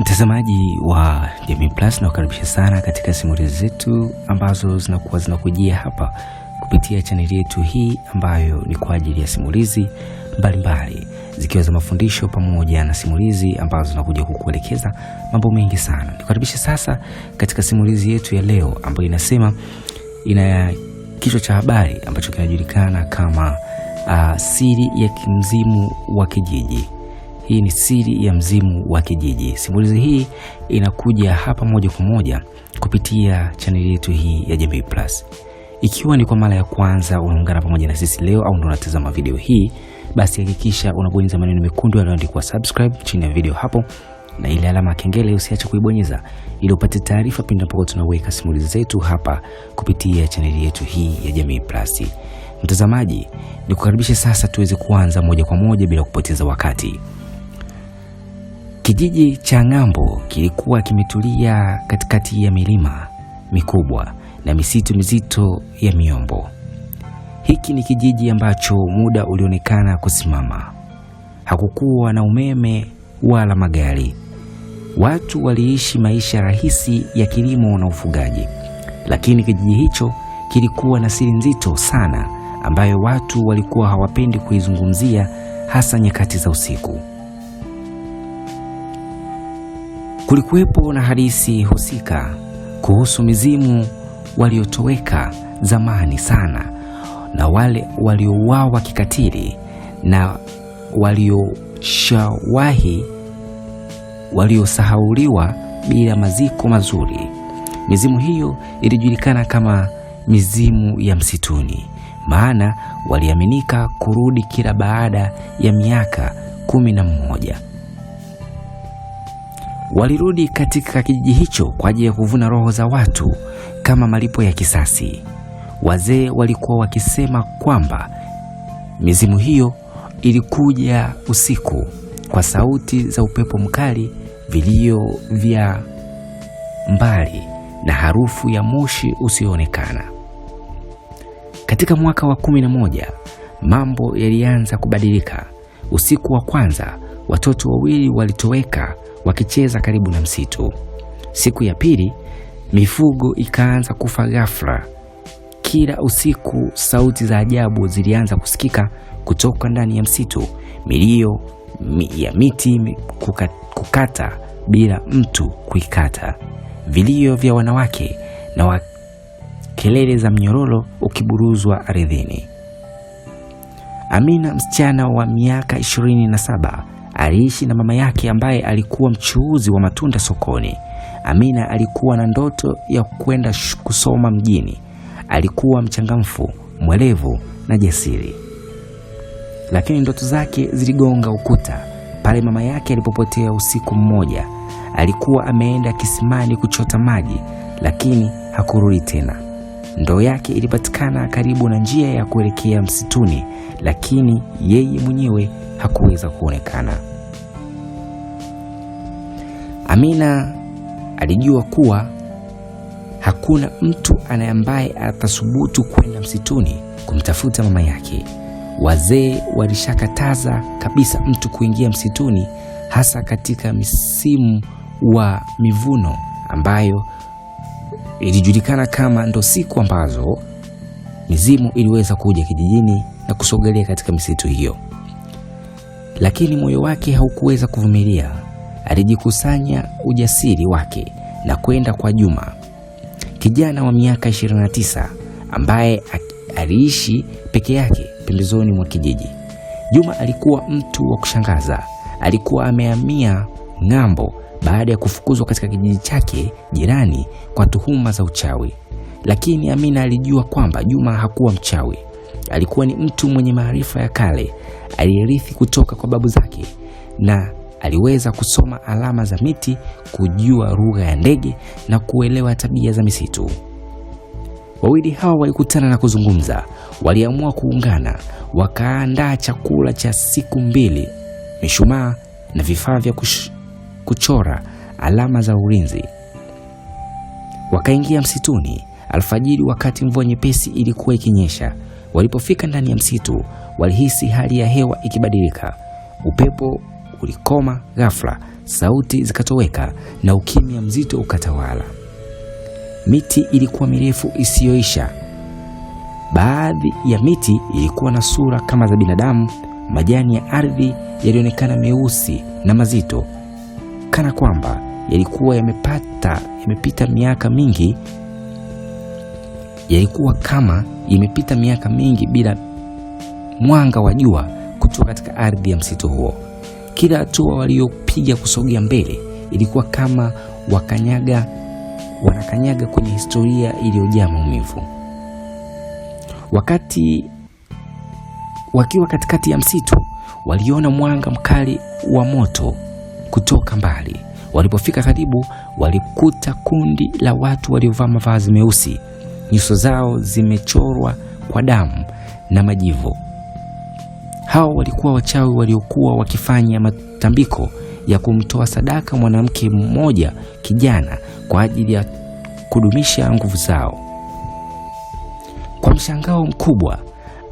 Mtazamaji wa Jamii Plus, nakukaribisha sana katika simulizi zetu ambazo zinakuwa zinakujia hapa kupitia chaneli yetu hii ambayo ni kwa ajili ya simulizi mbalimbali zikiwa za mafundisho pamoja na simulizi ambazo zinakuja kukuelekeza mambo mengi sana. Nikukaribisha sasa katika simulizi yetu ya leo ambayo inasema, ina kichwa cha habari ambacho kinajulikana kama uh, siri ya kimzimu wa kijiji. Hii ni siri ya mzimu wa kijiji. Simulizi hii inakuja hapa moja kwa moja kupitia chaneli yetu hii ya Jamii Plus. Ikiwa ni kwa mara ya kwanza unaungana pamoja na sisi leo au ndo unatazama video hii, basi hakikisha unabonyeza maneno mekundu yaliyoandikwa subscribe chini ya video hapo na ile alama ya kengele usiache kuibonyeza ili upate taarifa pindi ambapo tunaweka simulizi zetu hapa kupitia chaneli yetu hii ya Jamii Plus. Mtazamaji, nikukaribishe sasa tuweze kuanza moja kwa moja bila kupoteza wakati. Kijiji cha Ng'ambo kilikuwa kimetulia katikati ya milima mikubwa na misitu mizito ya miombo. Hiki ni kijiji ambacho muda ulionekana kusimama. Hakukuwa na umeme wala magari. Watu waliishi maisha rahisi ya kilimo na ufugaji, lakini kijiji hicho kilikuwa na siri nzito sana ambayo watu walikuwa hawapendi kuizungumzia, hasa nyakati za usiku. Kulikuwepo na hadithi husika kuhusu mizimu waliotoweka zamani sana na wale waliouawa kikatili na walioshawahi waliosahauliwa bila maziko mazuri. Mizimu hiyo ilijulikana kama mizimu ya msituni, maana waliaminika kurudi kila baada ya miaka kumi na mmoja. Walirudi katika kijiji hicho kwa ajili ya kuvuna roho za watu kama malipo ya kisasi. Wazee walikuwa wakisema kwamba mizimu hiyo ilikuja usiku kwa sauti za upepo mkali, vilio vya mbali na harufu ya moshi usioonekana. Katika mwaka wa kumi na moja mambo yalianza kubadilika. Usiku wa kwanza Watoto wawili walitoweka wakicheza karibu na msitu. Siku ya pili, mifugo ikaanza kufa ghafla. Kila usiku sauti za ajabu zilianza kusikika kutoka ndani ya msitu, milio mi, ya miti kukata, kukata bila mtu kuikata, vilio vya wanawake na wa, kelele za mnyororo ukiburuzwa ardhini. Amina, msichana wa miaka ishirini na saba Aliishi na mama yake ambaye alikuwa mchuuzi wa matunda sokoni. Amina alikuwa na ndoto ya kwenda kusoma mjini. Alikuwa mchangamfu, mwelevu na jasiri, lakini ndoto zake ziligonga ukuta pale mama yake alipopotea usiku mmoja. Alikuwa ameenda kisimani kuchota maji, lakini hakurudi tena. Ndoo yake ilipatikana karibu na njia ya kuelekea msituni, lakini yeye mwenyewe hakuweza kuonekana. Amina alijua kuwa hakuna mtu anayambaye atathubutu kwenda msituni kumtafuta mama yake. Wazee walishakataza kabisa mtu kuingia msituni, hasa katika misimu wa mivuno ambayo ilijulikana kama ndo siku ambazo mizimu iliweza kuja kijijini na kusogelea katika misitu hiyo lakini moyo wake haukuweza kuvumilia. Alijikusanya ujasiri wake na kwenda kwa Juma, kijana wa miaka 29 ambaye aliishi peke yake pembezoni mwa kijiji. Juma alikuwa mtu wa kushangaza. Alikuwa amehamia ng'ambo baada ya kufukuzwa katika kijiji chake jirani kwa tuhuma za uchawi, lakini Amina alijua kwamba Juma hakuwa mchawi. Alikuwa ni mtu mwenye maarifa ya kale aliyerithi kutoka kwa babu zake, na aliweza kusoma alama za miti, kujua lugha ya ndege na kuelewa tabia za misitu. Wawili hawa walikutana na kuzungumza. Waliamua kuungana, wakaandaa chakula cha siku mbili, mishumaa na vifaa vya kuchora alama za ulinzi. Wakaingia msituni alfajiri, wakati mvua nyepesi ilikuwa ikinyesha. Walipofika ndani ya msitu, walihisi hali ya hewa ikibadilika. Upepo ulikoma ghafla, sauti zikatoweka na ukimya mzito ukatawala. Miti ilikuwa mirefu isiyoisha. Baadhi ya miti ilikuwa na sura kama za binadamu. Majani ya ardhi yalionekana meusi na mazito, kana kwamba yalikuwa yamepata yamepita miaka mingi yalikuwa kama imepita miaka mingi bila mwanga wa jua kutoka katika ardhi ya msitu huo. Kila hatua waliopiga kusogea mbele ilikuwa kama wakanyaga wanakanyaga kwenye historia iliyojaa maumivu. Wakati wakiwa katikati ya msitu, waliona mwanga mkali wa moto kutoka mbali. Walipofika karibu, walikuta kundi la watu waliovaa mavazi meusi nyuso zao zimechorwa kwa damu na majivu. Hao walikuwa wachawi waliokuwa wakifanya matambiko ya kumtoa sadaka mwanamke mmoja kijana kwa ajili ya kudumisha nguvu zao. Kwa mshangao mkubwa,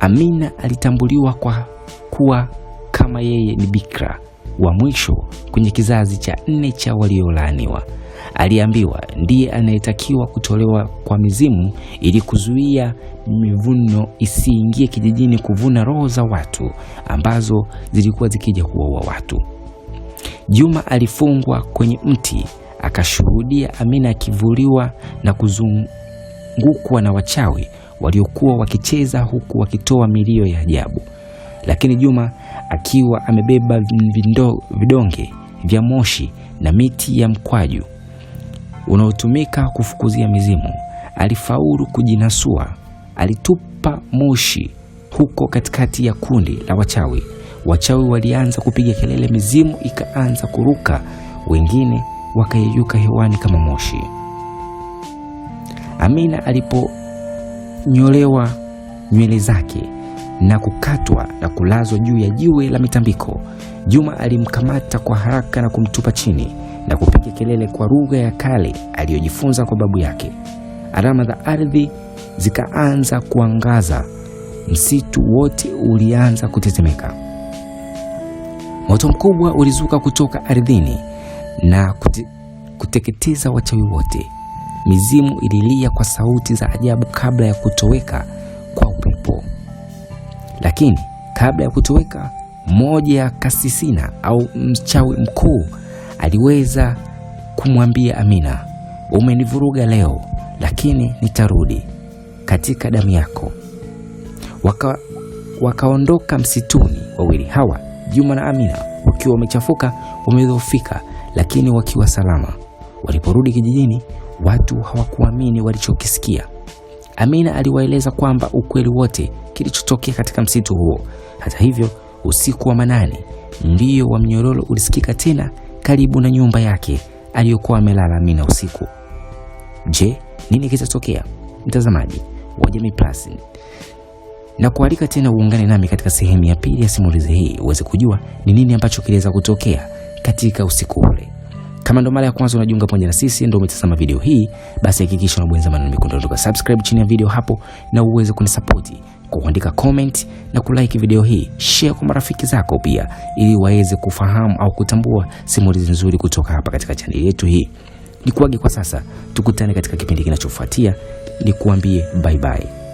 Amina alitambuliwa kwa kuwa kama yeye ni bikra wa mwisho kwenye kizazi cha nne cha waliolaaniwa aliambiwa ndiye anayetakiwa kutolewa kwa mizimu ili kuzuia mivuno isiingie kijijini kuvuna roho za watu ambazo zilikuwa zikija kuwaua watu. Juma alifungwa kwenye mti akashuhudia Amina akivuliwa na kuzungukwa na wachawi waliokuwa wakicheza huku wakitoa milio ya ajabu. Lakini Juma akiwa amebeba vidonge vya moshi na miti ya mkwaju unaotumika kufukuzia mizimu. Alifaulu kujinasua, alitupa moshi huko katikati ya kundi la wachawi. Wachawi walianza kupiga kelele, mizimu ikaanza kuruka, wengine wakayeyuka hewani kama moshi. Amina aliponyolewa nywele zake na kukatwa na kulazwa juu ya jiwe la mitambiko, Juma alimkamata kwa haraka na kumtupa chini na kupiga kelele kwa lugha ya kale aliyojifunza kwa babu yake. Alama za ardhi zikaanza kuangaza, msitu wote ulianza kutetemeka. Moto mkubwa ulizuka kutoka ardhini na kute, kuteketeza wachawi wote. Mizimu ililia kwa sauti za ajabu kabla ya kutoweka kwa upepo. Lakini kabla ya kutoweka, moja ya kasisina au mchawi mkuu aliweza kumwambia Amina, umenivuruga leo, lakini nitarudi katika damu yako. Waka, wakaondoka msituni wawili hawa, Juma na Amina, wakiwa wamechafuka, wamedhoofika, lakini wakiwa salama. Waliporudi kijijini, watu hawakuamini walichokisikia. Amina aliwaeleza kwamba ukweli wote kilichotokea katika msitu huo. Hata hivyo, usiku wa manane ndio wa mnyororo ulisikika tena karibu na nyumba yake aliyokuwa amelala mina usiku. Je, nini kitatokea? Mtazamaji wa Jamii Plus, na kualika tena uungane nami katika sehemu ya pili ya simulizi hii uweze kujua ni nini ambacho kiliweza kutokea katika usiku ule. Kama ndo mara ya kwanza unajiunga pamoja na sisi, ndo umetazama video hii, basi hakikisha unabonyeza maneno mekundu subscribe chini ya video hapo, na uweze kunisapoti kwa kuandika comment na kulike video hii, share kwa marafiki zako pia, ili waweze kufahamu au kutambua simulizi nzuri kutoka hapa katika chaneli yetu hii. Nikuage kwa sasa, tukutane katika kipindi kinachofuatia. Nikuambie bye bye.